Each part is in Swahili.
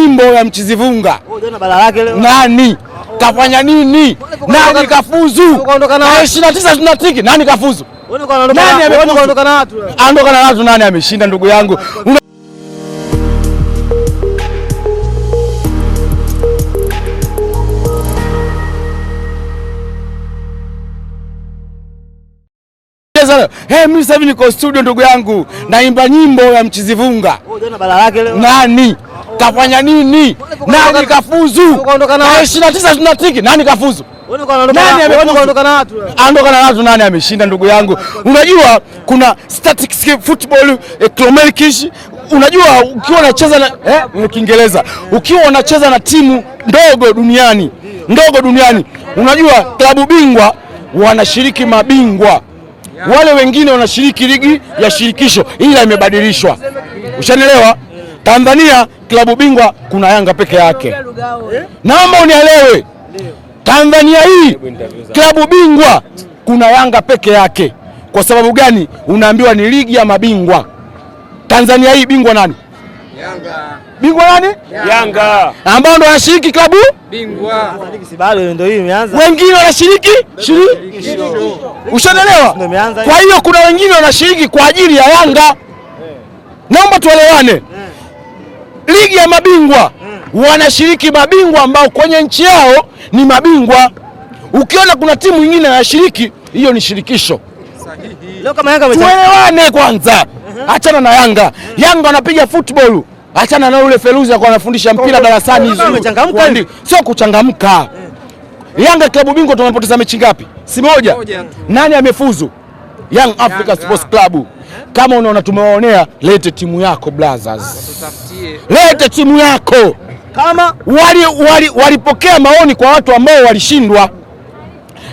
nyimbo ya Mchizivunga oh, nani oh, kafanya nini? Nani kafuzu ishirini na tisa tunatiki? Nani kafuzu? Aondoka na watu, nani ameshinda? Ndugu yangu mimi sasa niko studio, ndugu yangu, oh. naimba nyimbo ya Mchizivunga nani kafanya nini? Nani kafuzu? ishirini na tisa tiki, nani kafuzu? Aondoka na watu, nani ameshinda? Ndugu yangu, unajua kuna statistics football economics. Eh, unajua ukiwa unacheza na eh, Kiingereza, ukiwa unacheza na timu ndogo duniani ndogo duniani, unajua klabu bingwa wanashiriki mabingwa, wale wengine wanashiriki ligi ya shirikisho, ila imebadilishwa, ushanielewa? Tanzania klabu bingwa kuna Yanga peke yake. Naomba unielewe, Tanzania hii klabu bingwa kuna Yanga peke yake. Kwa sababu gani? Unaambiwa ni ligi ya mabingwa. Tanzania hii bingwa nani? Yanga. Bingwa nani? Yanga. Ambao ndo wanashiriki klabu bingwa. Wengine wanashiriki shiriki. Ushanelewa? Kwa hiyo kuna wengine wanashiriki kwa ajili ya Yanga. Eh. Naomba tuelewane ligi ya mabingwa mm. wanashiriki mabingwa ambao kwenye nchi yao ni mabingwa. Ukiona kuna timu nyingine anashiriki, hiyo ni shirikisho. Tuelewane kwanza, uh-huh. achana na Yanga. Uh-huh. Yanga wanapiga football, achana na ule Feruzi alikuwa anafundisha mpira darasani, sio kuchangamka. Uh-huh. Yanga klabu bingwa tumepoteza mechi ngapi? Si moja. Nani amefuzu? Young Africa Sports Club. Kama unaona tumewaonea, lete timu yako brothers. Ah, lete timu yako. Kama walipokea wali, wali maoni kwa watu ambao walishindwa,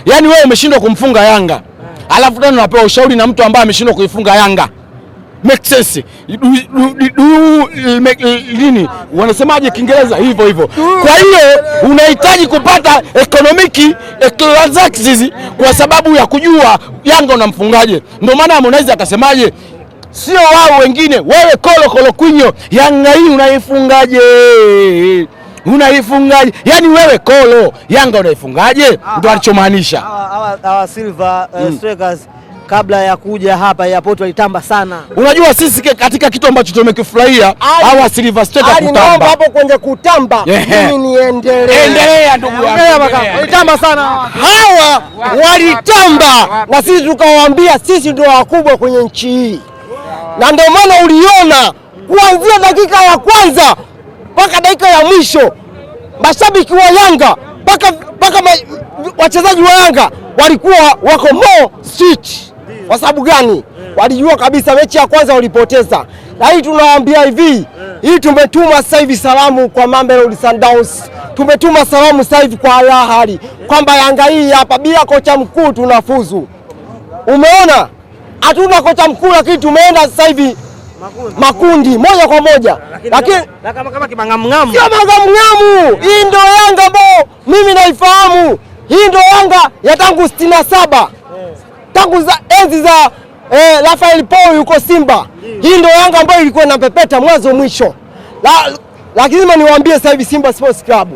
yaani wewe umeshindwa kumfunga Yanga alafu tena unapewa ushauri na mtu ambaye ameshindwa kuifunga Yanga. Make sense. Nini wanasemaje Kiingereza? Hivyo hivyo. Kwa hiyo unahitaji kupata economic eh, transactions kwa sababu ya kujua Yanga unamfungaje. Ndio maana Harmonize akasemaje sio wao wengine. Wewe Kolo Kolo Kwinyo, Yanga hii unaifungaje? Unaifungaje? yani wewe Kolo, Yanga unaifungaje? Ah, ndio ah, alichomaanisha hawa Silver eh, hmm. Strikers kabla ya kuja hapa Airport walitamba sana. Unajua sisi katika kitu ambacho tumekifurahia hawa Silver Strikers kutamba. Naomba hapo kwenye kutamba mimi niendelee. Endelea ndugu yangu. Walitamba sana. Hawa walitamba na sisi tukawaambia sisi ndio wakubwa kwenye nchi hii na ndio maana uliona kuanzia dakika ya kwanza mpaka dakika ya mwisho mashabiki wa Yanga mpaka wachezaji wa Yanga walikuwa wako mo switch. Kwa sababu gani? Walijua kabisa mechi ya kwanza walipoteza, na hii tunawaambia hivi, hii tumetuma sasa hivi salamu kwa Mamelodi Sundowns, tumetuma salamu sasa hivi kwa Al Ahly kwamba Yanga hii hapa bila kocha mkuu tunafuzu. Umeona? hatuna kocha mkuu, lakini tumeenda sasa hivi makundi, makundi moja kwa moja, lakini kama sio mang'amng'amu. Hii ndio Yanga ambayo mimi naifahamu, hii ndio Yanga ya tangu sitini na saba eh. tangu za enzi za eh, Rafael Paul yuko Simba. Hii ndio Yanga ambayo ilikuwa inapepeta mwanzo mwisho. lakini la niwaambie sasa hivi Simba Sports Club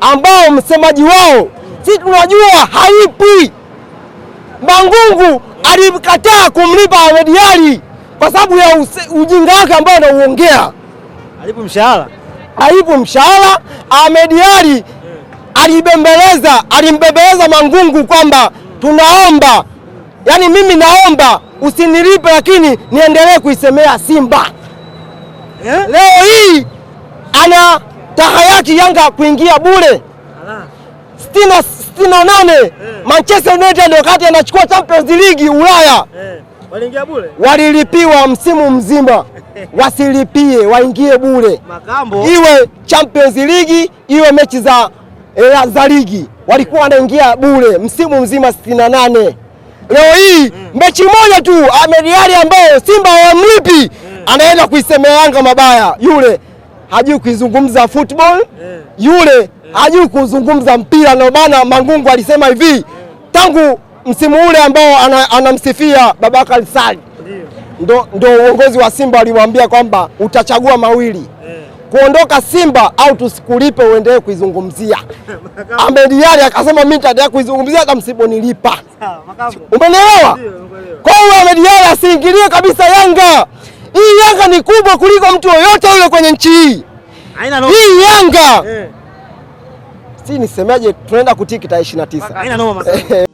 ambao msemaji wao si tunajua haipi Mangungu alikataa kumlipa Ahmed Ally kwa sababu ya ujinga wake ambao anauongea. Alipo mshahara alipo mshahara. Ahmed Ally alibembeleza, alimbembeleza Mangungu kwamba tunaomba, yani mimi naomba usinilipe, lakini niendelee kuisemea Simba yeah. Leo hii ana tahayaki Yanga kuingia bure thelathini na nane eh. Manchester United wakati anachukua Champions League Ulaya eh. Waliingia bure? Walilipiwa msimu mzima, wasilipie waingie bure Makambo. Iwe Champions League iwe mechi za, eh, za ligi walikuwa eh. wanaingia bure msimu mzima sitini na nane. Leo hii mm. mechi moja tu Ahmed ambayo Simba hawamlipi mm. anaenda kuisemea Yanga mabaya yule hajui kuizungumza football eh. yule eh. hajui kuzungumza mpira. Ndio maana Mangungu alisema hivi eh. tangu msimu ule ambao anamsifia ana Babakar Sali ndo, ndo uongozi wa Simba aliwaambia kwamba utachagua mawili kuondoka Simba au tusikulipe uendelee kuizungumzia. Ahmed Ally akasema mimi nitaendelea kuizungumzia hata msiponilipa. Umenielewa? Kwa hiyo Ahmed Ally asiingilie kabisa Yanga. Hii Yanga ni kubwa kuliko mtu yoyote yule kwenye nchi hii. Hii Yanga. yeah. Si nisemeje tunaenda tarehe 29. Haina noma.